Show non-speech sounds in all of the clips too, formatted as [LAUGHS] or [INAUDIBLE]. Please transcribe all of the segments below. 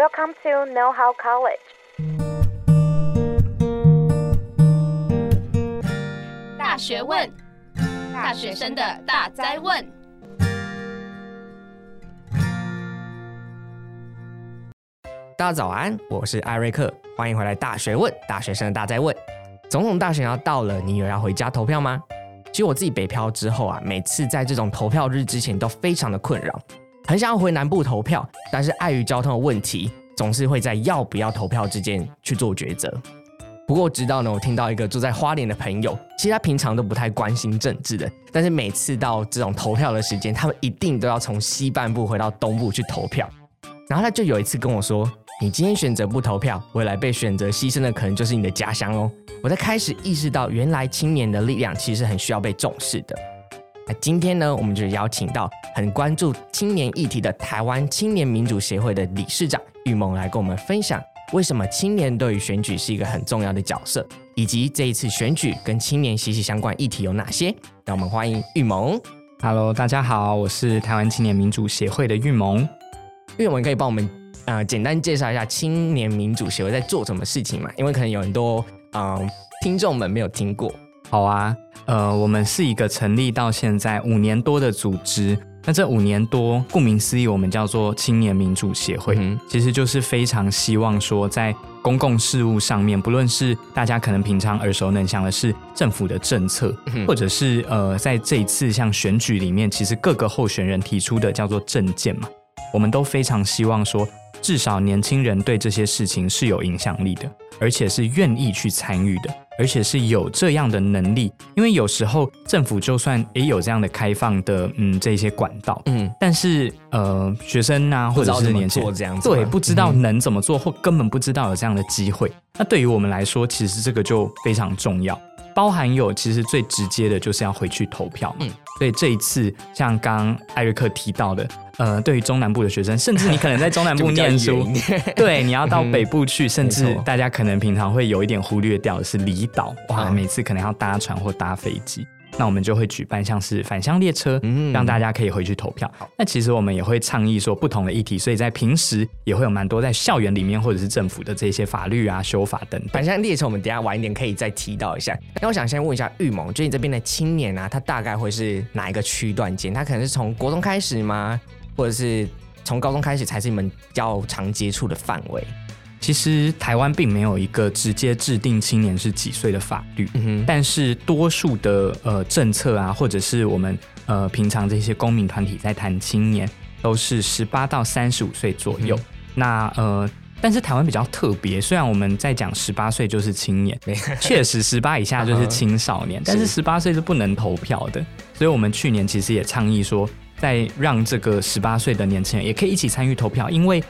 Welcome to Know How College。大學問，大學生的大哉問。大家早安，我是艾瑞克，歡迎回來《大學問》，大學生的大哉問。總統大選要到了，你有要回家投票嗎？其實我自己北漂之後啊，每次在這種投票日之前都非常的困擾。很想要回南部投票，但是礙於交通的問題，總是會在要不要投票之間去做抉擇。不過，直到呢，我聽到一個住在花蓮的朋友，其實他平常都不太關心政治的，但是每次到這種投票的時間，他們一定都要從西半部回到東部去投票。然後他就有一次跟我說：“你今天選擇不投票，未來被選擇犧牲的可能就是你的家鄉哦。”我才開始意識到，原來青年的力量其實很需要被重視的。那今天呢，我們就邀請到很關注青年議題的台灣青年民主協會的理事長育萌來跟我們分享，為什麼青年對於選舉是一個很重要的角色，以及這一次選舉跟青年息息相關議題有哪些。讓我們歡迎育萌。Hello，大家好，我是台灣青年民主協會的育萌。育萌可以幫我們呃簡單介紹一下青年民主協會在做什麼事情嘛？因為可能有很多啊、呃、聽眾們沒有聽過。好啊，呃，我們是一個成立到現在五年多的組織。那這五年多，顧名思義，我們叫做青年民主協會。嗯，其實就是非常希望說，在公共事務上面，不論是大家可能平常耳熟能詳的是政府的政策，嗯，或者是呃，在這一次像選舉裡面，其實各個候選人提出的叫做政見嘛，我們都非常希望說，至少年輕人對這些事情是有影響力的，而且是願意去參與的。而且是有這樣的能力，因為有時候政府就算也有這樣的開放的，嗯，這些管道，嗯，但是呃，學生啊，或者是年輕人，對，不知道能怎麼做，嗯、哼或根本不知道有這樣的機會。那對於我們來說，其實這個就非常重要，包含有其實最直接的就是要回去投票，嗯，所以這一次像剛艾瑞克提到的。呃，對於中南部的學生，甚至你可能在中南部念書， [LAUGHS] 對，你要到北部去， [LAUGHS] 嗯、甚至大家可能平常會有一點忽略掉的是離島，錯哇，每次可能要搭船或搭飛機。好那我們就會舉辦像是返鄉列車，嗯、讓大家可以回去投票。好那其實我們也會倡議說不同的議題，所以在平時也會有蠻多在校園裡面或者是政府的這些法律啊修法等、等。返鄉列車我們等一下晚一點可以再提到一下。那我想先問一下育萌，就你這邊的青年啊，他大概會是哪一個區段間？他可能是從國中開始嗎？或者是從高中開始，才是你們較常接觸的範圍。其實台灣並沒有一個直接制定，青年是幾歲的法律，嗯、哼但是多數的呃政策啊，或者是我們呃平常這些公民團體在談青年都是十八到三十五歲左右。嗯、那呃，但是台灣比較特別，雖然我們在講十八歲就是青年，確、嗯、哼實十八以下就是青少年，嗯、哼但是十八歲是不能投票的。是所以我們去年其實也倡議說。再讓這個十八歲的年輕人也可以一起參與投票，因為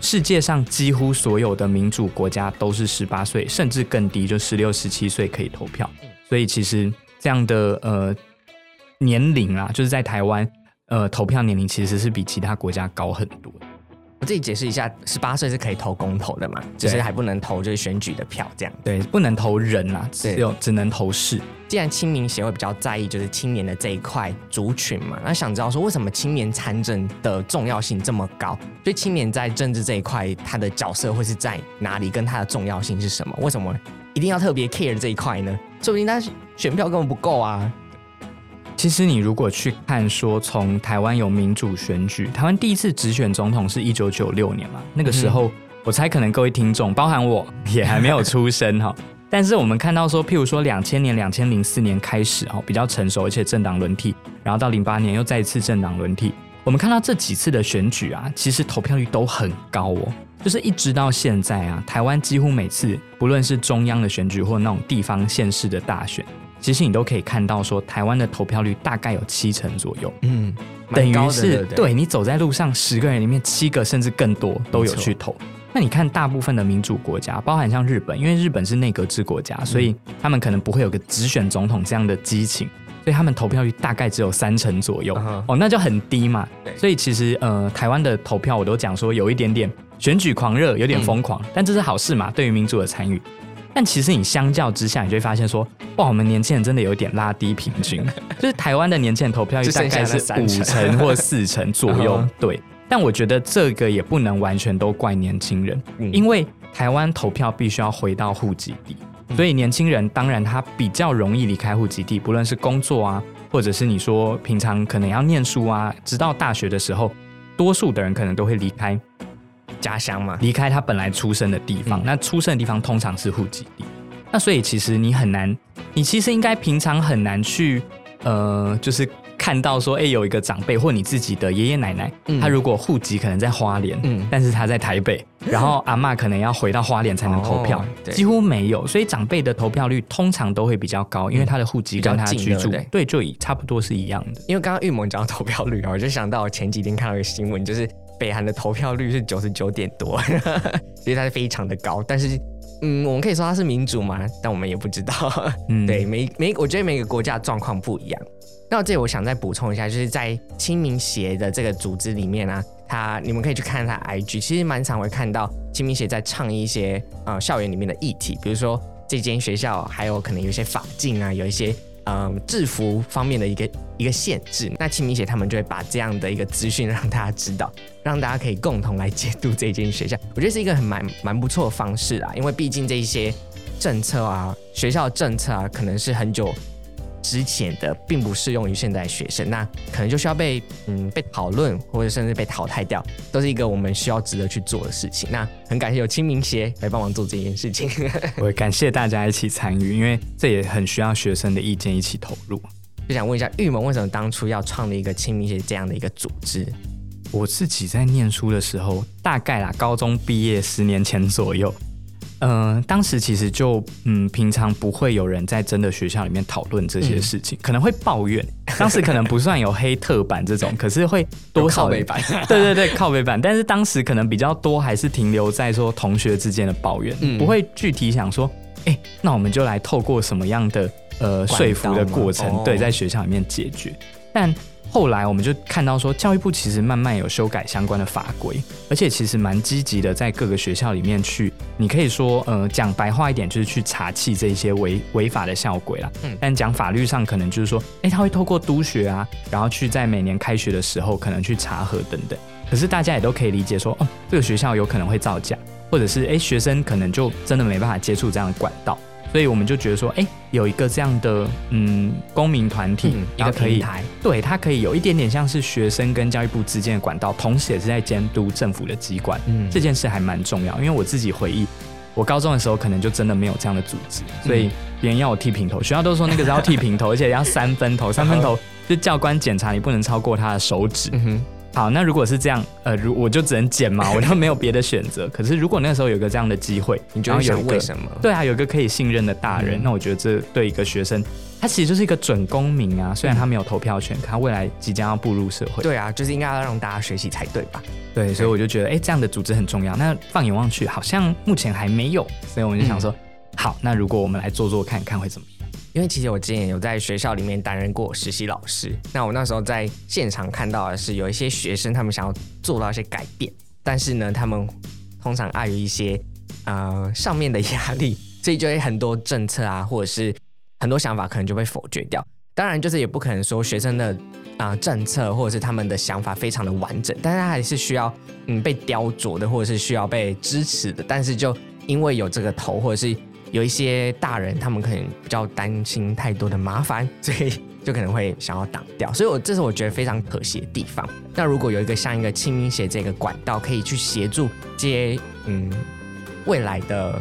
世界上幾乎所有的民主國家都是十八歲，甚至更低，就十六、十七歲可以投票。所以其實這樣的呃年齡啊，就是在台灣呃投票年齡其實是比其他國家高很多。我自己解釋一下，十八歲是可以投公投的嘛，只、就是還不能投就是選舉的票這樣。對，不能投人啊，只有對只能投事。既然青民協會比較在意就是青年的這一塊族群嘛，那想知道說為什麼青年參政的重要性這麼高？所以青年在政治這一塊他的角色會是在哪裡？跟他的重要性是什麼？為什麼一定要特別 care 這一塊呢？說不定他選票根本不夠啊。其實你如果去看說，從台灣有民主選舉，台灣第一次直選總統是一九九六年嘛，那個時候我猜可能各位聽眾，包含我也還沒有出生哈、哦。 [LAUGHS] 但是我們看到說，譬如說兩千年、兩千零四年開始哈、哦、比較成熟，而且政黨輪替，然後到零八年又再一次政黨輪替。我們看到這幾次的選舉啊，其實投票率都很高哦，就是一直到現在啊，台灣幾乎每次，不論是中央的選舉或那種地方縣市的大選。其實你都可以看到，說台灣的投票率大概有七成左右，嗯，等於是對，對你走在路上十個人裡面七個甚至更多都有去投。沒錯那你看大部分的民主國家，包含像日本，因為日本是內閣制國家，嗯、所以他們可能不會有個直選總統這樣的激情，所以他們投票率大概只有三成左右，啊、哈哦，那就很低嘛。對所以其實呃，台灣的投票我都講說有一點點選舉狂熱，有點瘋狂，嗯、但這是好事嘛，對於民主的參與。但其實你相較之下，你就會發現說，哇，我們年輕人真的有點拉低平均， [LAUGHS] 就是台灣的年輕人投票率大概是五成或四成左右。 [LAUGHS] uh、huh. 對，但我覺得這個也不能完全都怪年輕人，嗯、因為台灣投票必須要回到戶籍地，嗯、所以年輕人當然他比較容易離開戶籍地，不論是工作啊，或者是你說平常可能要念書啊，直到大學的時候，多數的人可能都會離開家鄉嘛，離開他本來出生的地方，嗯、那出生的地方通常是戶籍地，那所以其實你很難，你其實應該平常很難去，呃，就是看到說，哎、欸，有一個長輩或你自己的爺爺奶奶，嗯、他如果戶籍可能在花蓮，嗯、但是他在台北，然後阿媽可能要回到花蓮才能投票，哦、幾乎沒有，所以長輩的投票率通常都會比較高，因為他的戶籍跟他居住，對，對，就差不多是一樣的。因為剛剛育萌講到投票率啊，我就想到前幾天看到一個新聞，就是。北韓的投票率是九十九點多， [LAUGHS] 所以它是非常的高。但是，嗯，我們可以說它是民主嘛，但我們也不知道。嗯、對，每每，我覺得每個國家狀況不一樣。那這我想再補充一下，就是在青民協的這個組織裡面呢、啊，它你們可以去看它 IG，其實蠻常會看到青民協在唱一些啊、呃，校園裡面的議題，比如說這間學校還有可能有一些髮禁啊，有一些。嗯，制服方面的一個一個限制，那青民協他們就會把這樣的一個資訊讓大家知道，讓大家可以共同來監督這間學校，我覺得是一個很蠻蠻不錯的方式啦，因為畢竟這一些政策啊，學校政策啊，可能是很久之前的並不適用於現在學生，那可能就需要被嗯被討論或者甚至被淘汰掉，都是一個我們需要值得去做的事情。那很感謝有青民協來幫忙做這件事情， [LAUGHS] 我也感謝大家一起參與，因為這也很需要學生的意見一起投入。就想問一下育萌，為什麼當初要創立一個青民協這樣的一個組織？我自己在念書的時候，大概啦，高中畢業十年前左右。嗯、呃，當時其實就嗯，平常不會有人在真的學校裡面討論這些事情，嗯、可能會抱怨。當時可能不算有黑特版這種， [LAUGHS] 可是會多少一版， [LAUGHS] 對對對，靠北版。 [LAUGHS] 但是當時可能比較多，還是停留在說同學之間的抱怨，嗯、不會具體想說，哎、欸，那我們就來透過什麼樣的呃說服的過程，對，哦、在學校裡面解決。但後來我們就看到說，教育部其實慢慢有修改相關的法規，而且其實蠻積極的，在各個學校裡面去，你可以說，呃，講白話一點，就是去查緝這些違違法的校規啦。嗯，但講法律上，可能就是說，哎，他會透過督學啊，然後去在每年開學的時候，可能去查核等等。可是大家也都可以理解說，哦，這個學校有可能會造假，或者是，哎，學生可能就真的沒辦法接觸這樣的管道。所以我們就覺得說，哎，有一個這樣的嗯公民團體，嗯、然後可以，平台，對，它可以有一點點像是學生跟教育部之間的管道，同時也是在監督政府的機關。嗯、哼這件事還蠻重要，因為我自己回憶，我高中的時候可能就真的沒有這樣的組織，所以別人要我剃平頭，學校都說那個是要剃平頭， [LAUGHS] 而且要三分頭，三分頭就教官檢查，你不能超過他的手指。嗯好，那如果是這樣，呃，如我就只能剪嘛，我又沒有別的選擇。 [LAUGHS] 可是如果那個時候有個這樣的機會，你就要想為什麼？對啊，有個可以信任的大人，嗯、那我覺得這對一個學生，他其實就是一個準公民啊。雖然他沒有投票權，嗯、他未來即將要步入社會。對啊，就是應該要讓大家學習才對吧？對，所以我就覺得，哎對、欸，這樣的組織很重要。那放眼望去，好像目前還沒有，所以我們就想說，嗯、好，那如果我們來做做看看會怎麼？因為其實我之前也有在學校裡面擔任過實習老師，那我那時候在現場看到的是，有一些學生他們想要做到一些改變，但是呢，他們通常礙於一些呃上面的壓力，所以就會很多政策啊，或者是很多想法可能就被否決掉。當然，就是也不可能說學生的啊、呃、政策或者是他們的想法非常的完整，但是他還是需要嗯被雕琢的，或者是需要被支持的。但是就因為有這個頭，或者是有一些大人，他們可能比較擔心太多的麻煩，所以就可能會想要擋掉。所以我，我這是我覺得非常可惜的地方。那如果有一個像一個青民協這個管道，可以去協助接嗯，未來的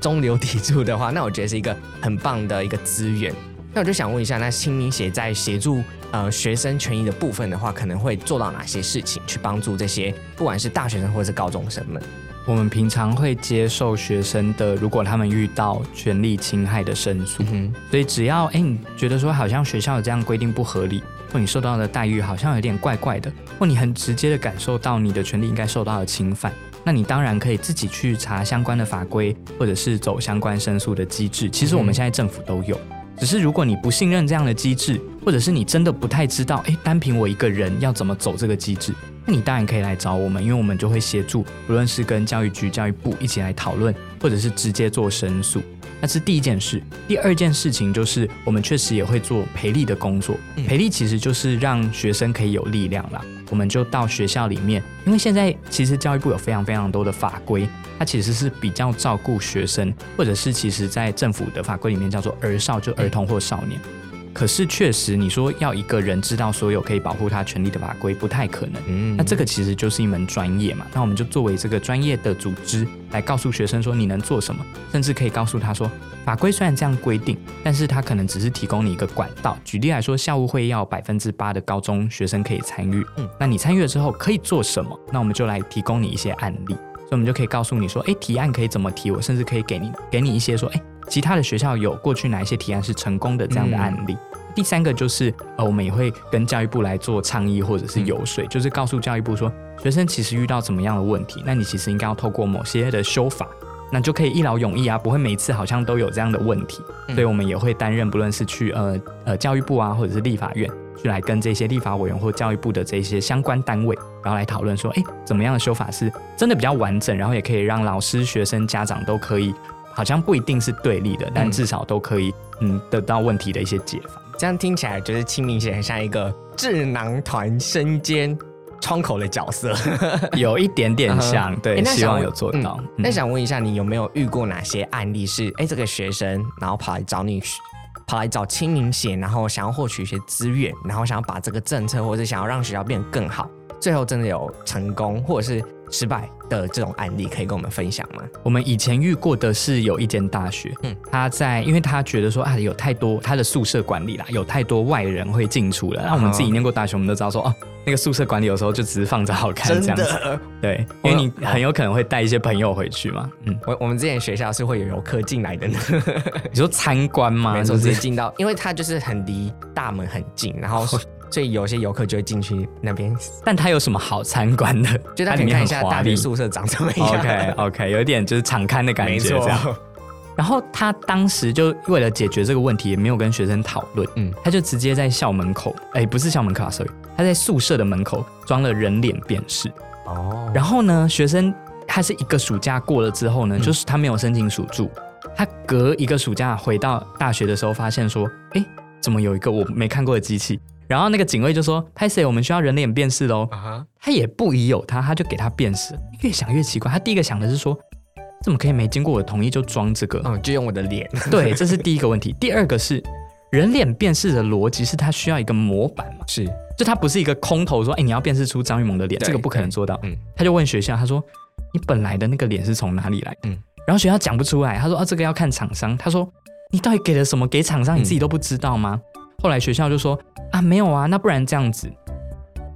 中流砥柱的話，那我覺得是一個很棒的一個資源。那我就想問一下，那青民協在協助呃學生權益的部分的話，可能會做到哪些事情，去幫助這些不管是大學生或者是高中生們？我們平常會接受學生的，如果他們遇到權利侵害的申訴，嗯哼。所以只要哎、欸，你覺得說好像學校有這樣規定不合理，或你受到的待遇好像有點怪怪的，或你很直接的感受到你的權利應該受到了侵犯，那你當然可以自己去查相關的法規，或者是走相關申訴的機制。其實我們現在政府都有，嗯哼。只是如果你不信任這樣的機制，或者是你真的不太知道，哎、欸，單憑我一個人要怎麼走這個機制？那你當然可以來找我們，因為我們就會協助，不論是跟教育局、教育部一起來討論，或者是直接做申訴。那是第一件事。第二件事情就是，我們確實也會做培力的工作。培力其實就是讓學生可以有力量啦。我們就到學校裡面，因為現在其實教育部有非常非常多的法規，它其實是比較照顧學生，或者是其實在政府的法規裡面叫做兒少，就兒童或少年。可是，確實，你說要一個人知道所有可以保護他權利的法規不太可能。嗯，嗯，那這個其實就是一門專業嘛。那我們就作為這個專業的組織來告訴學生說，你能做什麼？甚至可以告訴他說，法規雖然這樣規定，但是他可能只是提供你一個管道。舉例來說，校務會要百分之八的高中學生可以參與。嗯，那你參與了之後可以做什麼？那我們就來提供你一些案例。所以我們就可以告訴你說，哎、欸，提案可以怎麼提我？我甚至可以給你給你一些說，哎、欸，其他的學校有過去哪一些提案是成功的這樣的案例。嗯、第三個就是，呃，我們也會跟教育部來做倡議或者是遊說，嗯、就是告訴教育部說，學生其實遇到怎麼樣的問題，那你其實應該要透過某些的修法，那就可以一勞永逸啊，不會每一次好像都有這樣的問題。嗯、所以我們也會擔任，不論是去呃呃教育部啊，或者是立法院。就來跟這些立法委員或教育部的這些相關單位，然後來討論說，哎、欸，怎麼樣的修法是真的比較完整，然後也可以讓老師、學生、家長都可以，好像不一定是對立的，但至少都可以，嗯，得到問題的一些解法。」這樣聽起來就是青民協很像一個智囊團身兼窗口的角色， [LAUGHS] 有一點點像，uh、huh，對，欸、那希望有做到。嗯嗯、那想問一下，你有沒有遇過哪些案例是，哎、欸，這個學生然後跑來找你？跑來找青民協，然後想要獲取一些資源，然後想要把這個政策，或者想要讓學校變得更好。最後真的有成功或者是失敗的這種案例可以跟我們分享嗎？我們以前遇過的是有一間大學，嗯，他在，因為他覺得說啊，有太多他的宿舍管理啦，有太多外人會進出的。那，嗯，我們自己念過大學，我們都知道說哦，哦，那個宿舍管理有時候就只是放着好看這樣子。真的。對，因為你很有可能會帶一些朋友回去嘛。嗯，我我們之前學校是會有遊客進來的呢， [LAUGHS] 你說參觀嗎？沒錯，就是進到，因為他就是很離大門很近，然後。所以有些遊客就會進去那邊，但他有什麼好參觀的？就當你他可看一下大一宿舍長什麼樣。OK OK，有點就是敞開的感覺這樣。沒錯。然後他當時就為了解決這個問題，也沒有跟學生討論，嗯，他就直接在校門口，哎、欸，不是校門口啊，sorry，他在宿舍的門口裝了人臉辨識哦。然後呢，學生他是一個暑假過了之後呢，嗯、就是他沒有申請暑住，他隔一個暑假回到大學的時候，發現說，哎、欸，怎麼有一個我沒看過的機器？然後那個警衛就說：“拍誰？我們需要人臉辨識咯、uh huh. 他也不疑有他，他就給他辨識。越想越奇怪，他第一個想的是說：“怎麼可以沒經過我同意就裝這個？” oh, 就用我的臉。 [LAUGHS] 對，這是第一個問題。第二個是人臉辨識的邏輯是他需要一個模板嘛？是，就他不是一個空頭說：“哎、欸，你要辨識出張育萌的臉，對這個不可能做到。”嗯，他就問學校，他說：“你本來的那個臉是從哪裡來？”嗯，然後學校講不出來，他說：“啊，這個要看廠商。”他說：“你到底給了什麼給廠商？你自己都不知道嗎？”嗯後來學校就說，啊，沒有啊，那不然這樣子，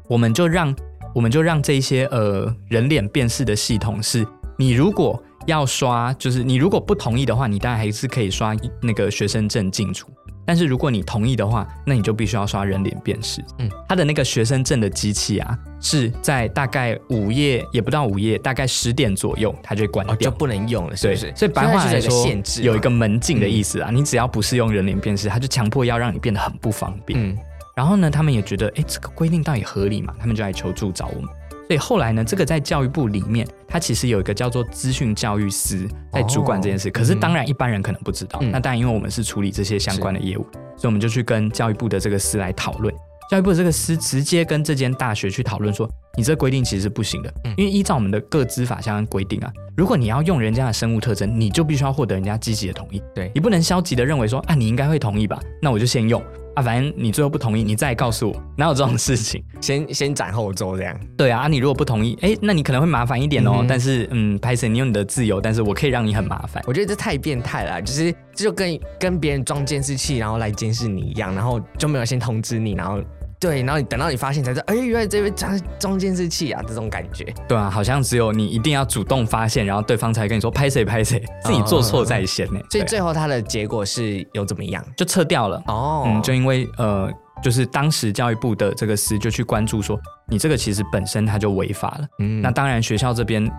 我們就讓，我們就讓這些呃人臉辨識的系統是，你如果要刷，就是你如果不同意的話，你當然還是可以刷那個學生證進出。但是如果你同意的話，那你就必須要刷人臉辨識。嗯，他的那個學生證的機器啊，是在大概午夜，也不到午夜，大概十點左右，它就關掉，哦，就不能用了是不是？對，所以白話是在說，在有限制啊，有一個門禁的意思啊，嗯、你只要不是用人臉辨識，他就強迫要讓你變得很不方便。嗯，然後呢，他們也覺得，誒，這個規定到底合理嗎？他們就來求助找我們。所以後來呢，這個在教育部裡面，它其實有一個叫做資訊教育司在主管這件事。哦嗯、可是當然一般人可能不知道。嗯、那當然因為我們是處理這些相關的業務，是所以我們就去跟教育部的這個司來討論。教育部的這個司直接跟這間大學去討論說，嗯、你這規定其實是不行的，因為依照我們的個資法相關規定啊，如果你要用人家的生物特徵，你就必須要獲得人家積極的同意。對，你不能消極的認為說啊，你應該會同意吧，那我就先用。啊，反正你最後不同意，你再告訴我，哪有這種事情？先先斬後奏這樣。對啊，你如果不同意，哎，那你可能會麻煩一點哦。嗯、哼但是，嗯，拍攝你有你的自由，但是我可以讓你很麻煩。我覺得這太變態了啦，就是這就跟跟別人裝監視器，然後來監視你一樣，然後就沒有先通知你，然後。對，然後你等到你發現，才知道，哎，原來這邊裝裝監視器啊，這種感覺。對啊，好像只有你一定要主動發現，然後對方才跟你說拍誰拍誰，自己做錯在先呢。所以最後他的結果是有怎麼樣？就撤掉了。哦，嗯，就因為呃，就是當時教育部的這個司就去關注說，你這個其實本身它就違法了。嗯，那當然學校這邊，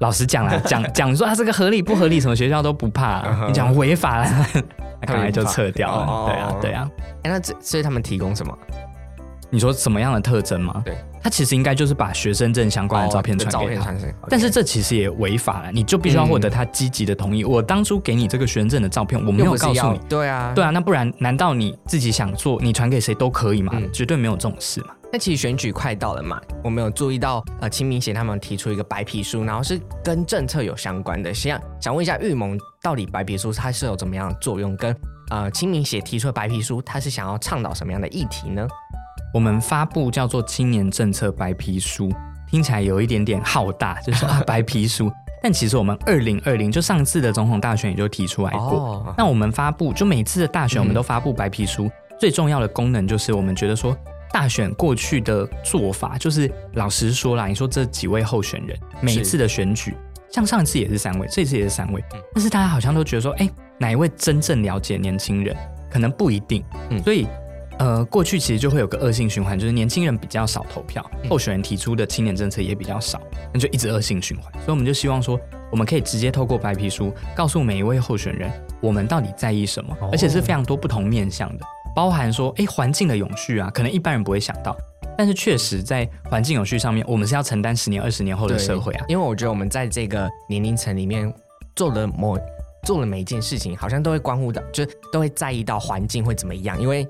老實講啊，講講說它這個合理不合理，什麼學校都不怕。你講違法了，那本來就撤掉了。對啊，對啊。哎，那所以他們提供什麼？你說什麼樣的特徵嗎？對，他其實應該就是把學生證相關的照片傳給他，哦、是但是這其實也違法了。嗯、你就必須要獲得他積極的同意。嗯、我當初給你這個學生證的照片，嗯、我沒有告訴你。對啊，對啊，那不然難道你自己想做，你傳給誰都可以嗎？嗯、絕對沒有這種事嘛。那其實選舉快到了嘛，我們有注意到呃，青民協他們提出一個白皮書，然後是跟政策有相關的。想想問一下，育萌到底白皮書它是有怎麼樣的作用？跟呃，青民協提出的白皮書，他是想要倡導什麼樣的議題呢？我們發布叫做《青年政策白皮書》，聽起來有一點點浩大，就是說 [LAUGHS] 白皮書。但其實我們二零二零就上次的總統大選也就提出來過。哦、那我們發布，就每次的大選我們都發布白皮書，嗯、最重要的功能就是我們覺得說，大選過去的做法，就是老實說啦，你說這幾位候選人，每一次的選舉，是像上次也是三位，這次也是三位，但是大家好像都覺得說，哎，哪一位真正了解年輕人？可能不一定。嗯、所以。呃，過去其實就會有個惡性循環，就是年輕人比較少投票，嗯、候選人提出的青年政策也比較少，那就一直惡性循環。所以我們就希望說，我們可以直接透過白皮書告訴每一位候選人，我們到底在意什麼，哦、而且是非常多不同面向的，包含說，哎、欸，環境的永續啊，可能一般人不會想到，但是確實在環境永續上面，我們是要承擔十年、二十年後的社會啊。因為我覺得我們在這個年齡層裡面做的某、做的每一件事情，好像都會關乎到，就是都會在意到環境會怎麼樣，因為。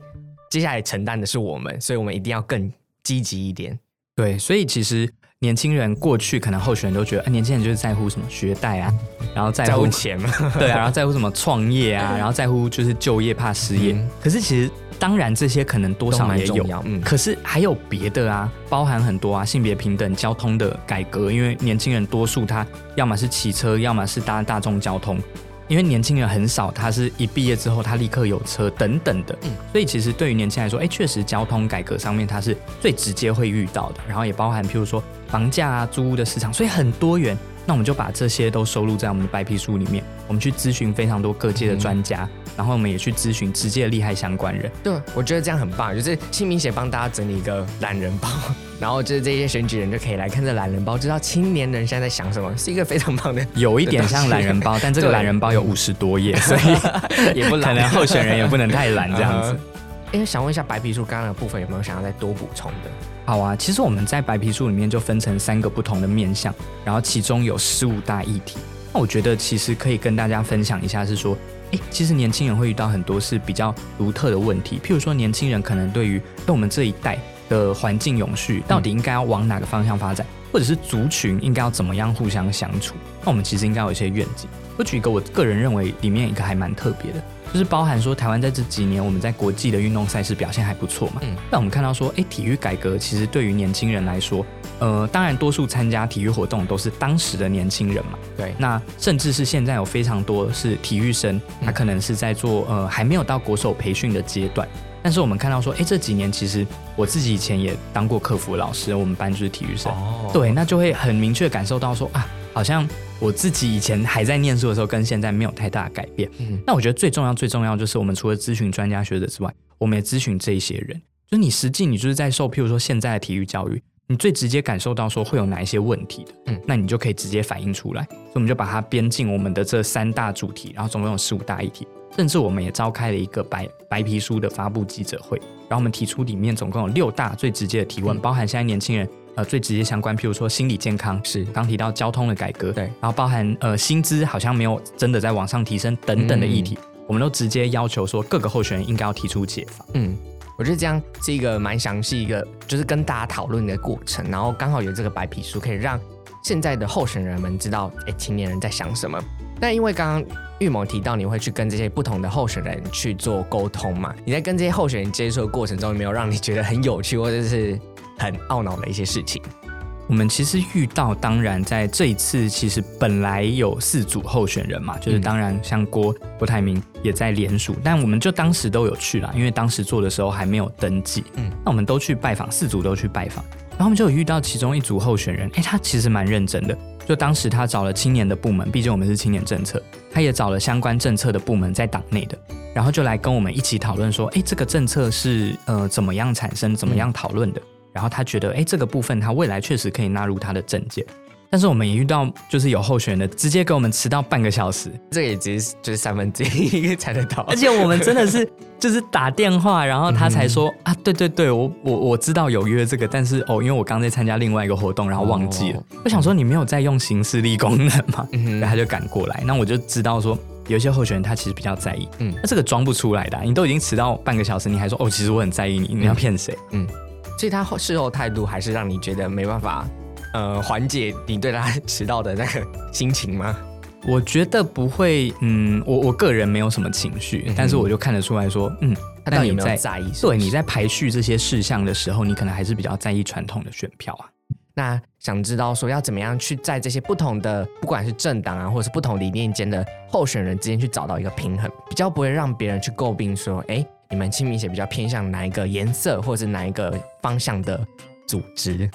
接下來承擔的是我們，所以我們一定要更積極一點。對，所以其實年輕人過去可能候選人都覺得，啊、年輕人就是在乎什麼學貸啊，然後在乎，在乎錢，嘛， [LAUGHS] 對啊，然後在乎什麼創業啊，對對對，然後在乎就是就業怕失業。嗯、可是其實當然這些可能多少也有，嗯，可是還有別的啊，包含很多啊，性別平等、交通的改革，因為年輕人多數他要麼是騎車，要麼是搭大眾交通。因為年輕人很少，他是一畢業之後他立刻有車等等的，嗯，所以其實對於年輕人來說，哎，確實交通改革上面他是最直接會遇到的，然後也包含譬如說房價啊、租屋的市場，所以很多元。那我們就把這些都收錄在我們的白皮書裡面。我們去諮詢非常多各界的專家，嗯、然後我們也去諮詢直接利害相關人。對，我覺得這樣很棒，就是青民協幫大家整理一個懶人包，然後就是這些選舉人就可以來看這懶人包，知道青年人現在在想什麼，是一個非常棒的。有一點像懶人包，但這個懶人包有五十多頁，對所以 [LAUGHS] 也不老可能候選人也不能太懶這樣子。哎、嗯，想問一下白皮書剛剛的部分有沒有想要再多補充的？好啊，其實我們在白皮書裡面就分成三個不同的面向，然後其中有十五大議題。我覺得其實可以跟大家分享一下，是說，哎、欸，其實年輕人會遇到很多是比較獨特的問題，譬如說，年輕人可能對於那我們這一代的環境永續，到底應該要往哪個方向發展？嗯或者是族群應該要怎麼樣互相相處？那我們其實應該有一些願景。我舉一個我個人認為裡面一個還蠻特別的，就是包含說台灣在這幾年我們在國際的運動賽事表現還不錯嘛。嗯。那我們看到說，哎，體育改革其實對於年輕人來說，呃，當然多數參加體育活動都是當時的年輕人嘛。對。那甚至是現在有非常多是體育生，他可能是在做呃，還沒有到國手培訓的階段。但是我們看到說，誒，這幾年其實我自己以前也當過客服的老師，我們班就是體育生，哦、對，那就會很明確感受到說啊，好像我自己以前還在念書的時候，跟現在沒有太大的改變。嗯、那我覺得最重要、最重要就是，我們除了諮詢專家學者之外，我們也諮詢這一些人，就是你實際你就是在受，譬如說現在的體育教育，你最直接感受到說會有哪一些問題的，嗯，那你就可以直接反映出來，所以我們就把它編進我們的這三大主題，然後總共有十五大議題。甚至我們也召開了一個白白皮書的發布記者會，然後我們提出裡面總共有六大最直接的提問，嗯、包含現在年輕人呃最直接相關，譬如說心理健康是剛提到交通的改革，對，然後包含呃薪資好像沒有真的在往上提升等等的議題，嗯、我們都直接要求說各個候選人應該要提出解方。嗯，我覺得這樣是一個蠻詳細一個就是跟大家討論的過程，然後剛好有這個白皮書可以讓現在的候選人們知道，誒，青年人在想什麼？那因為剛剛。育萌提到，你會去跟這些不同的候選人去做溝通嘛，你在跟這些候選人接觸的過程中，有沒有讓你覺得很有趣或者是很懊惱的一些事情？我們其實遇到，當然在這一次，其實本來有四組候選人嘛，就是當然像郭郭台銘也在聯署，但我們就當時都有去了，因為當時做的時候還沒有登記，嗯，那我們都去拜訪，四組都去拜訪，然後我們就有遇到其中一組候選人，哎，他其實蠻認真的，就當時他找了青年的部門，畢竟我們是青年政策。他也找了相關政策的部門，在黨內的，然後就來跟我們一起討論說，哎、欸，這個政策是呃怎麼樣產生、怎麼樣討論的？嗯、然後他覺得，哎、欸，這個部分他未來確實可以納入他的政見。但是我們也遇到，就是有候選的直接給我們遲到半個小時，這個也只是就是三分之一才得到。而且我們真的是就是打電話， [LAUGHS] 然後他才說、嗯、啊，對對對，我我我知道有約這個，但是哦，因為我剛在參加另外一個活動，然後忘記了。哦、我想說你沒有在用行事曆功能嘛？嗯、然後他就趕過來，嗯、那我就知道說，有些候選人他其實比較在意。嗯，那這個裝不出來的、啊，你都已經遲到半個小時，你還說哦，其實我很在意你，你要騙誰嗯？嗯，所以他事後態度還是讓你覺得沒辦法。呃，緩解你對他遲到的那個心情嗎？我覺得不會。嗯，我我個人沒有什麼情緒，嗯、但是我就看得出來說，嗯，他到底有沒有在意是不是？對，你在排序這些事項的時候，你可能還是比較在意傳統的選票啊。那想知道說要怎麼樣去在這些不同的，不管是政黨啊，或者是不同理念間的候選人之間去找到一個平衡，比較不會讓別人去詬病說，哎、欸，你們青民協比較偏向哪一個顏色，或者是哪一個方向的組織？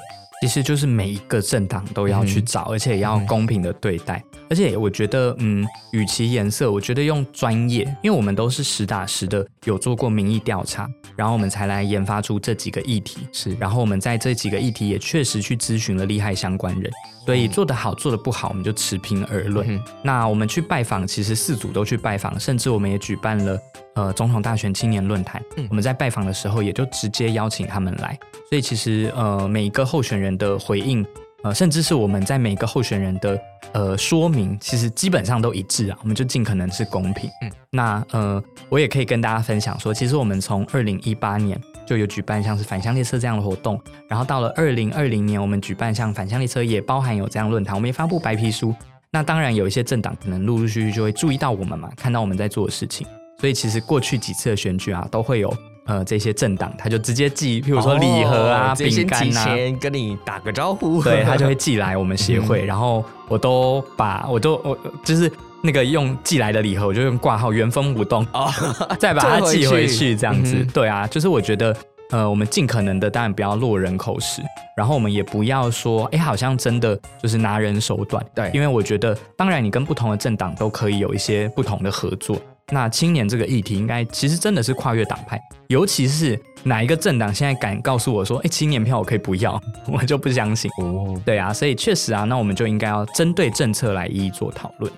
其實就是每一個政黨都要去找，嗯、而且要公平的對待。嗯、而且我覺得，嗯，與其顏色，我覺得用專業，因為我們都是實打實的有做過民意調查，然後我們才來研發出這幾個議題。是，然後我們在這幾個議題也確實去諮詢了利害相關人，所以做得好，做得不好，我們就持平而論。嗯、那我們去拜訪，其實四組都去拜訪，甚至我們也舉辦了。呃，總統大選青年論壇，我們在拜訪的時候也就直接邀請他們來，嗯、所以其實呃，每一個候選人的回應，呃，甚至是我們在每一個候選人的呃說明，其實基本上都一致啊，我們就盡可能是公平。嗯，那呃，我也可以跟大家分享說，其實我們從二零一八年就有舉辦像是返鄉列車這樣的活動，然後到了二零二零年，我們舉辦像返鄉列車也包含有這樣論壇，我們也發布白皮書。那當然有一些政黨可能陸陸續續就會注意到我們嘛，看到我們在做的事情。所以其實過去幾次的選舉啊，都會有呃這些政黨，他就直接寄，譬如說禮盒啊、哦、餅乾吶、啊，先跟你打個招呼，對，他就會寄來我們協會，嗯、然後我都把我都我就是那個用寄來的禮盒，我就用掛號原封不動，哦、再把它寄回去、 [LAUGHS] 嗯、哼這樣子。對啊，就是我覺得呃我們盡可能的，當然不要落人口實，然後我們也不要說哎，好像真的就是拿人手短，對，因為我覺得當然你跟不同的政黨都可以有一些不同的合作。那青年這個議題，應該其實真的是跨越黨派，尤其是哪一個政黨現在敢告訴我說，哎、欸，青年票我可以不要，我就不相信。哦、對啊，所以確實啊，那我們就應該要針對政策來一一做討論。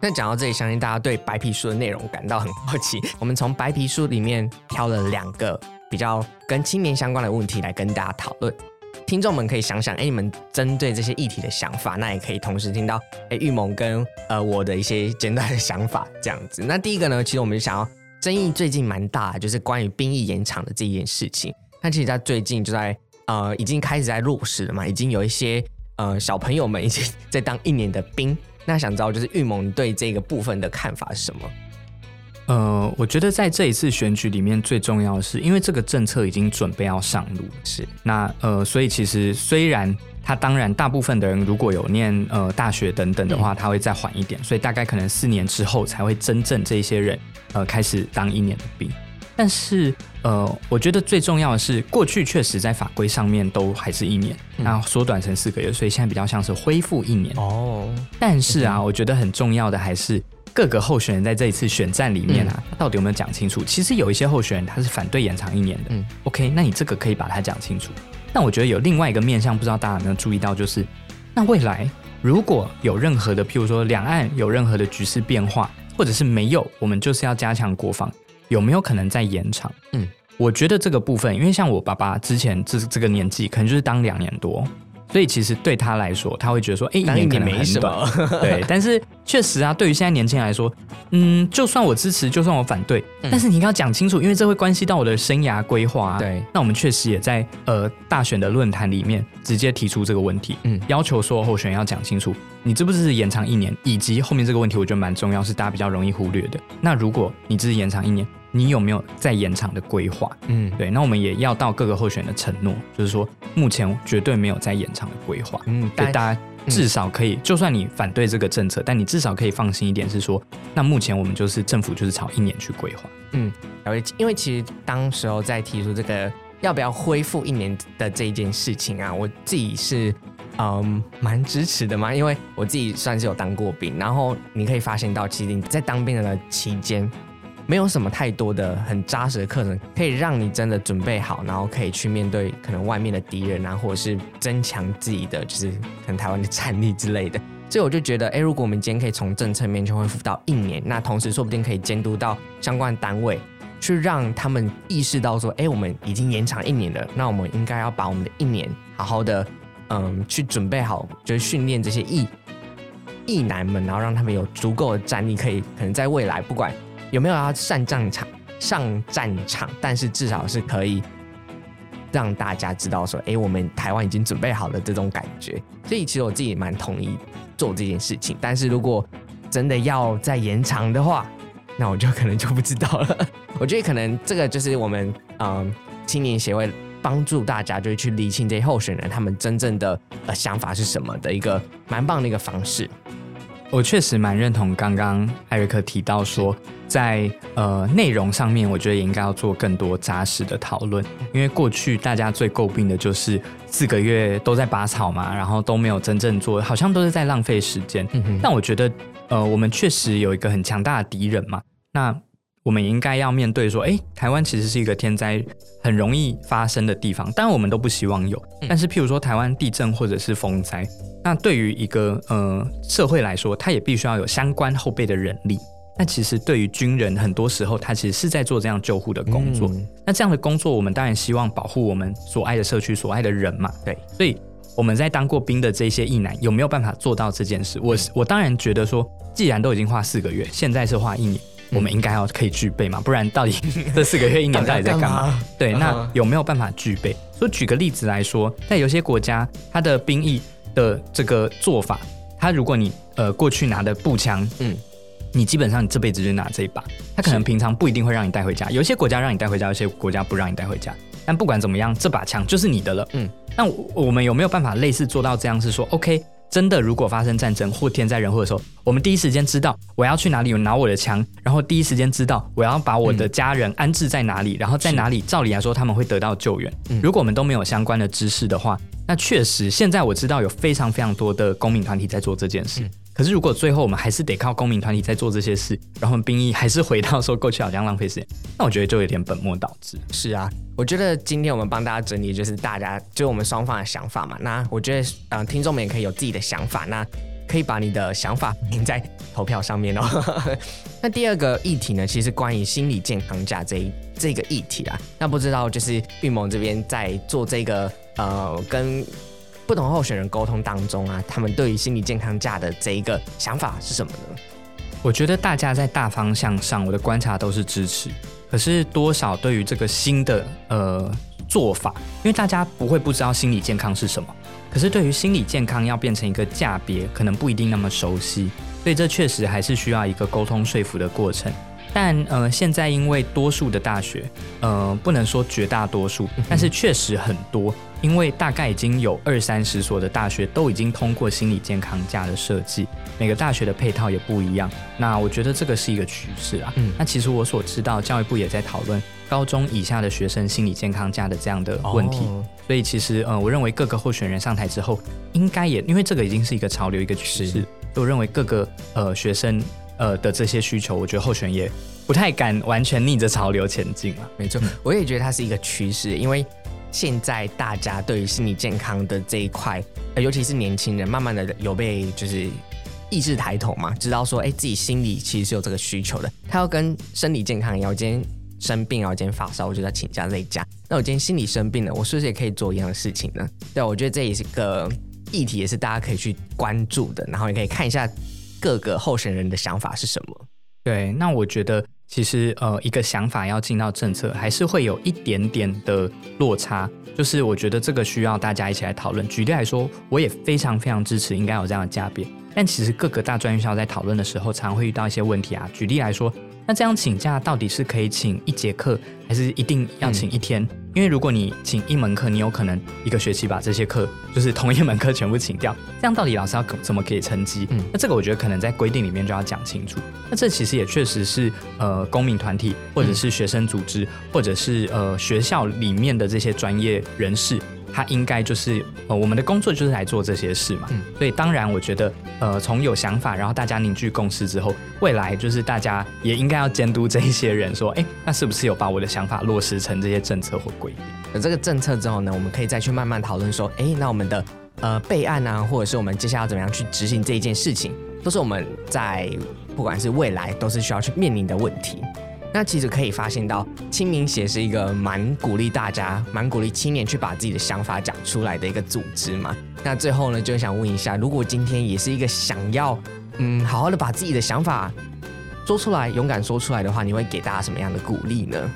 那講到這裡，相信大家對白皮書的內容感到很好奇。我們從白皮書裡面挑了兩個比較跟青年相關的問題來跟大家討論。聽眾們可以想想，哎，你們針對這些議題的想法，那也可以同時聽到，哎，育萌跟呃我的一些簡短的想法，這樣子。那第一個呢，其實我們就想要爭議最近蠻大，就是關於兵役延長的這件事情。那其實他最近就在呃已經開始在落實了嘛，已經有一些呃小朋友們已經在當一年的兵。那想知道就是育萌對這個部分的看法是什麼？呃，我覺得在這一次選舉裡面最重要的是，因為這個政策已經準備要上路，是那呃，所以其實雖然他當然大部分的人如果有念呃大學等等的話，他會再緩一點，嗯、所以大概可能四年之後才會真正這些人呃開始當一年的兵。但是呃，我覺得最重要的是，過去確實在法規上面都還是一年，嗯、然後縮短成四個月，所以現在比較像是恢復一年哦。但是啊，嗯、我覺得很重要的還是，各個候選人在這一次選戰裡面啊，嗯、到底有沒有講清楚？其實有一些候選人他是反對延長一年的。嗯，OK，那你這個可以把它講清楚。那我覺得有另外一個面向，不知道大家有沒有注意到，就是那未來如果有任何的，譬如說兩岸有任何的局勢變化，或者是沒有，我們就是要加強國防，有沒有可能再延長？嗯，我覺得這個部分，因為像我爸爸之前這這個年紀，可能就是當兩年多。所以其實對他來說，他會覺得說，哎，一年可能還是短 [LAUGHS] 對。但是確實啊，對於現在年輕人來說，嗯，就算我支持，就算我反對，但是你一定要講清楚，因為這會關係到我的生涯規劃啊。對。嗯，那我們確實也在呃大選的論壇裡面直接提出這個問題，嗯，要求所有候選人要講清楚，你支不支持延長一年，以及後面這個問題，我覺得蠻重要，是大家比較容易忽略的。那如果你支持延長一年，你有沒有再延長的規劃？嗯，對，那我們也要到各個候選人的承諾，就是說目前絕對沒有再延長的規劃。嗯，對，大家至少可以，嗯、就算你反對這個政策，但你至少可以放心一點，是說那目前我們就是政府就是朝一年去規劃。嗯，然後因為其實當時候在提出這個要不要恢復一年的這一件事情啊，我自己是嗯蠻支持的嘛，因為我自己算是有當過兵，然後你可以發現到，其實你在當兵的期間沒有什麼太多的很扎實的課程，可以讓你真的準備好，然後可以去面對可能外面的敵人啊，或者是增強自己的，就是可能台灣的戰力之類的。所以我就覺得，哎，如果我們今天可以從政策面去恢復到一年，那同時說不定可以監督到相關的單位，去讓他們意識到說，哎，我們已經延長一年了，那我們應該要把我們的一年好好的，嗯，去準備好，就是訓練這些役役男們，然後讓他們有足夠的戰力，可以可能在未來不管。有沒有要上戰場？上戰場，但是至少是可以讓大家知道說，哎、欸，我們台灣已經準備好了這種感覺。所以，其實我自己也蠻同意做這件事情。但是如果真的要再延長的話，那我就可能就不知道了。 [LAUGHS] 我覺得可能這個就是我們嗯青年協會幫助大家就是去理清這些候選人他們真正的、呃、想法是什麼的一個蠻棒的一個方式。我確實蠻認同剛剛艾瑞克提到說，在呃內容上面，我覺得也應該要做更多扎實的討論，因為過去大家最詬病的就是四個月都在拔草嘛，然後都沒有真正做，好像都是在浪費時間。嗯哼。但我覺得，呃，我們確實有一個很強大的敵人嘛，那。我們應該要面對說，誒、欸，台灣其實是一個天災很容易發生的地方，當然我們都不希望有。嗯、但是，譬如說台灣地震或者是風災，那對於一個呃社會來說，它也必須要有相關後備的人力。那其實對於軍人，很多時候他其實是在做這樣救護的工作。嗯、那這樣的工作，我們當然希望保護我們所愛的社區、所愛的人嘛。對，所以我們在當過兵的這一些役男，有沒有辦法做到這件事？嗯、我我當然覺得說，既然都已經花四個月，現在是花一年。我們應該要可以具備嘛？不然到底這四個月一年到底在幹嘛？ [LAUGHS] 嘛 uh huh、對，那有沒有辦法具備？就舉個例子來說，在有些國家，他的兵役的這個做法，他如果你呃過去拿的步槍，嗯，你基本上你這輩子就拿這一把。他可能平常不一定會讓你帶回家，是有些國家讓你帶回家，有些國家不讓你帶回家。但不管怎麼樣，這把槍就是你的了。嗯，那我們有沒有辦法類似做到這樣是說，OK。真的，如果發生戰爭或天災人禍的時候，我們第一時間知道我要去哪裡，拿我的槍，然後第一時間知道我要把我的家人安置在哪裡，嗯、然後在哪裡，是照理來說他們會得到救援。嗯、如果我們都沒有相關的知識的話，那確實，現在我知道有非常非常多的公民團體在做這件事。嗯可是，如果最後我們還是得靠公民團體在做這些事，然後兵役還是回到說過去好像浪費時間，那我覺得就有點本末倒置。是啊，我覺得今天我們幫大家整理就是大家就我們雙方的想法嘛。那我覺得，嗯、呃，聽眾們也可以有自己的想法，那可以把你的想法填在投票上面哦。 [LAUGHS] 那第二個議題呢，其實關於心理健康假這一這個議題啊，那不知道就是育萌這邊在做這個呃跟。不同候選人溝通當中啊，他們對於心理健康假的這一個想法是什麼呢？我覺得大家在大方向上，我的觀察都是支持。可是多少對於這個新的呃做法，因為大家不會不知道心理健康是什麼，可是對於心理健康要變成一個假別，可能不一定那麼熟悉，所以這確實還是需要一個溝通說服的過程。但呃，現在因為多數的大學，呃，不能說絕大多數，嗯、哼但是確實很多，因為大概已經有二三十所的大學都已經通過心理健康假的設計，每個大學的配套也不一樣。那我覺得這個是一個趨勢啊。嗯、那其實我所知道，教育部也在討論高中以下的學生心理健康假的這樣的問題。哦、所以其實呃，我認為各個候選人上台之後應，應該也因為這個已經是一個潮流，一個趨勢。是我認為各個呃學生。呃的這些需求，我覺得候選也不太敢完全逆着潮流前進嘛、啊。沒錯錯，嗯、我也覺得它是一個趨勢，因為現在大家對於心理健康的這一塊、呃，尤其是年輕人，慢慢的有被就是意識抬頭嘛，知道說，哎、欸，自己心裡其實是有這個需求的。他要跟身體健康一樣，我今天生病啊，然後我今天發燒，我就要請假累假。那我今天心理生病了，我是不是也可以做一樣的事情呢？對、啊，我覺得這也是個議題，也是大家可以去關注的，然後你可以看一下。各個候選人的想法是什麼？對，那我覺得其實呃，一個想法要進到政策，還是會有一點點的落差。就是我覺得這個需要大家一起來討論。舉例來說，我也非常非常支持應該有這樣的假別，但其實各個大專院校在討論的時候，常會遇到一些問題啊。舉例來說。那這樣請假到底是可以請一節課，還是一定要請一天？嗯、因為如果你請一門課，你有可能一個學期把這些課就是同一門課全部請掉，這樣到底老師要怎麼可以成績？嗯，那這個我覺得可能在規定裡面就要講清楚。那這其實也確實是呃公民團體，或者是學生組織，嗯、或者是呃學校裡面的這些專業人士。他應該就是呃，我們的工作就是來做這些事嘛，嗯，所以當然我覺得呃，從有想法，然後大家凝聚共識之後，未來就是大家也應該要監督這一些人說，說哎，那是不是有把我的想法落實成這些政策或規定？有這個政策之後呢，我們可以再去慢慢討論說，哎，那我們的呃備案啊，或者是我們接下來要怎麼樣去執行這一件事情，都是我們在不管是未來都是需要去面臨的問題。那其實可以發現到，青民協是一個蠻鼓勵大家、蠻鼓勵青年去把自己的想法講出來的一個組織嘛。那最後呢，就想問一下，如果今天也是一個想要嗯好好的把自己的想法說出來、勇敢說出來的話，你會給大家什麼樣的鼓勵呢？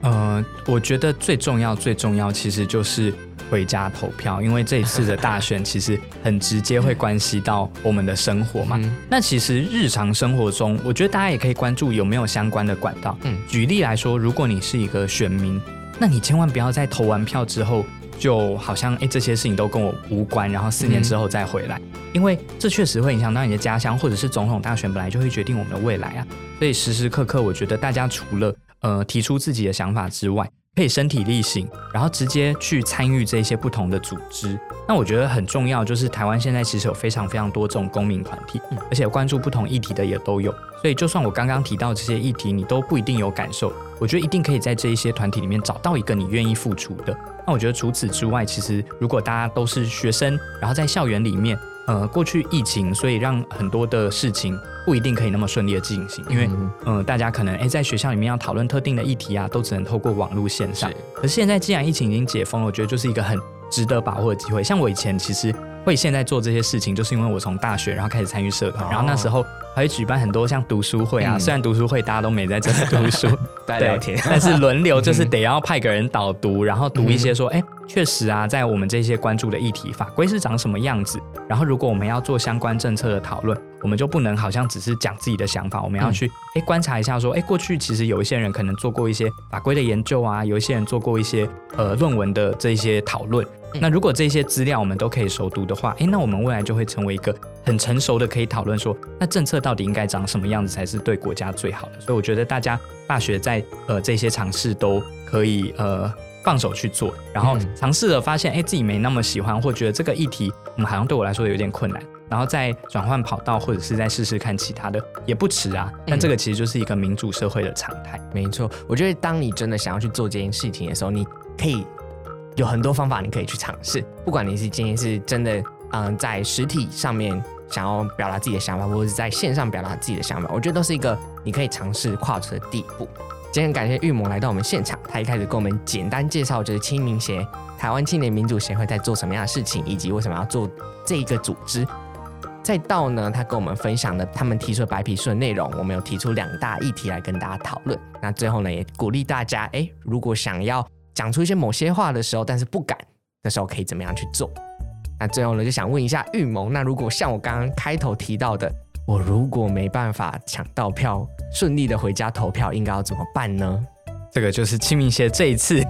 呃，我覺得最重要、最重要其實就是。回家投票，因為這一次的大選其實很直接，會關係到我們的生活嘛。嗯嗯、那其實日常生活中，我覺得大家也可以關注有沒有相關的管道。嗯，舉例來說，如果你是一個選民，那你千萬不要在投完票之後，就好像哎、欸、這些事情都跟我無關，然後四年之後再回來，嗯、因為這確實會影響到你的家鄉，或者是總統大選本來就會決定我們的未來啊。所以時時刻刻，我覺得大家除了呃提出自己的想法之外。可以身體力行，然後直接去參與這些不同的組織。那我覺得很重要，就是台灣現在其實有非常非常多這種公民團體，而且關注不同議題的也都有。所以，就算我剛剛提到這些議題，你都不一定有感受。我覺得一定可以在這一些團體裡面找到一個你願意付出的。那我覺得除此之外，其實如果大家都是學生，然後在校園裡面。呃、嗯，過去疫情，所以讓很多的事情不一定可以那麼順利的進行，因為、嗯、呃，大家可能誒、欸，在學校裡面要討論特定的議題啊，都只能透過網絡線上。是。可是現在既然疫情已經解封了，我覺得就是一個很值得把握的機會。像我以前其實會現在做這些事情，就是因為我從大學然後開始參與社團，哦、然後那時候。還有舉辦很多像讀書會啊，嗯、雖然讀書會大家都沒在這裡讀書，在聊 [LAUGHS] 天，對但是輪流就是得要派個人導讀，嗯、然後讀一些說，哎，確實啊，在我們這些關注的議題，法規是長什麼樣子。然後如果我們要做相關政策的討論，我們就不能好像只是講自己的想法，我們要去、嗯、誒觀察一下，說，哎，過去其實有一些人可能做過一些法規的研究啊，有一些人做過一些呃論文的這些討論。那如果這些資料我們都可以熟讀的話，誒、欸，那我們未來就會成為一個很成熟的，可以討論說，那政策到底應該長什麼樣子才是對國家最好的。所以我覺得大家大學在呃這些嘗試都可以呃放手去做，然後嘗試了發現誒、欸，自己沒那麼喜歡，或覺得這個議題嗯好像對我來說有點困難，然後再轉換跑道或者是再試試看其他的也不遲啊。但這個其實就是一個民主社會的常態。嗯、沒錯，我覺得當你真的想要去做這件事情的時候，你可以。有很多方法你可以去嘗試，不管你是今天是真的，嗯，在實體上面想要表達自己的想法，或者是在線上表達自己的想法，我覺得都是一個你可以嘗試跨出的第一步。今天感謝育萌來到我們現場，他一開始跟我們簡單介紹就是青民協台灣青年民主協會在做什麼樣的事情，以及為什麼要做這一個組織。再到呢，他跟我們分享了他們提出的白皮書的內容，我們有提出兩大議題來跟大家討論。那最後呢，也鼓勵大家，誒、欸，如果想要。講出一些某些話的時候，但是不敢，那時候，可以怎麼樣去做？那最後呢，就想問一下育萌。那如果像我剛剛開頭提到的，我如果沒辦法搶到票，順利的回家投票，應該要怎麼辦呢？這個就是青民協這一次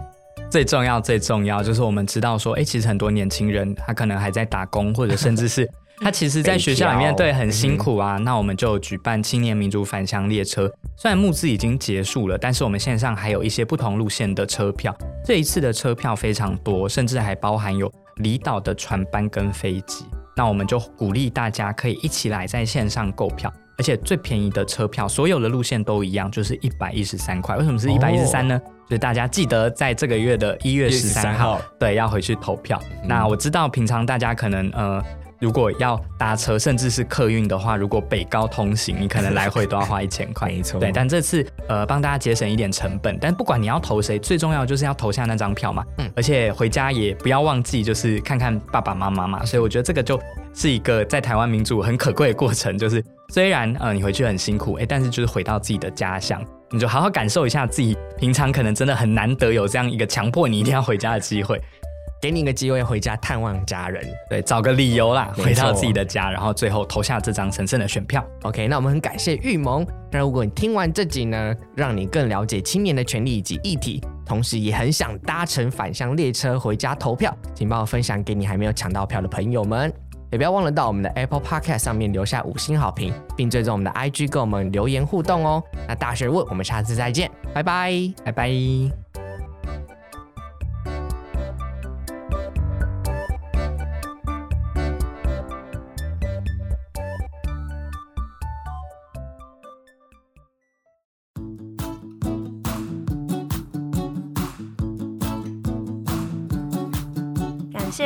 最重要、最重要，就是我們知道說，哎，其實很多年輕人他可能還在打工，或者甚至是。 [LAUGHS] 他其實，在學校裡面條對，很辛苦啊。嗯、哼那我們就舉辦青年民主返鄉列車，嗯、哼雖然募資已經結束了，但是我們線上還有一些不同路線的車票。這一次的車票非常多，甚至還包含有離島的船班跟飛機。那我們就鼓勵大家可以一起來在線上購票，而且最便宜的車票，所有的路線都一樣，就是一百一十三塊。為什麼是一百一十三呢？哦、就大家記得在這個月的一月十三號，號對，要回去投票。嗯、那我知道平常大家可能呃。如果要搭車，甚至是客運的話，如果北高通行，你可能來回都要花一千塊。 [LAUGHS] 沒錯。對，但這次呃幫大家節省一點成本，但不管你要投誰，最重要就是要投下那張票嘛。嗯。而且回家也不要忘記，就是看看爸爸媽媽嘛。所以我覺得這個就是一個在台灣民主很可貴的過程，就是雖然呃你回去很辛苦，欸，但是就是回到自己的家鄉，你就好好感受一下自己平常可能真的很難得有這樣一個強迫你一定要回家的機會。 [LAUGHS] 給你一個機會回家探望家人，對，找個理由啦，沒錯。回到自己的家，然後最後投下這張神聖的選票。OK，那我們很感謝育萌。那如果你聽完這集呢，讓你更了解青年的權利以及議題，同時也很想搭乘返鄉列車回家投票，請幫我分享給你還沒有搶到票的朋友們，也不要忘了到我們的 Apple Podcast 上面留下五星好評，並追蹤我們的 IG 跟我們留言互動哦。那大學問，我們下次再見，拜拜，拜拜。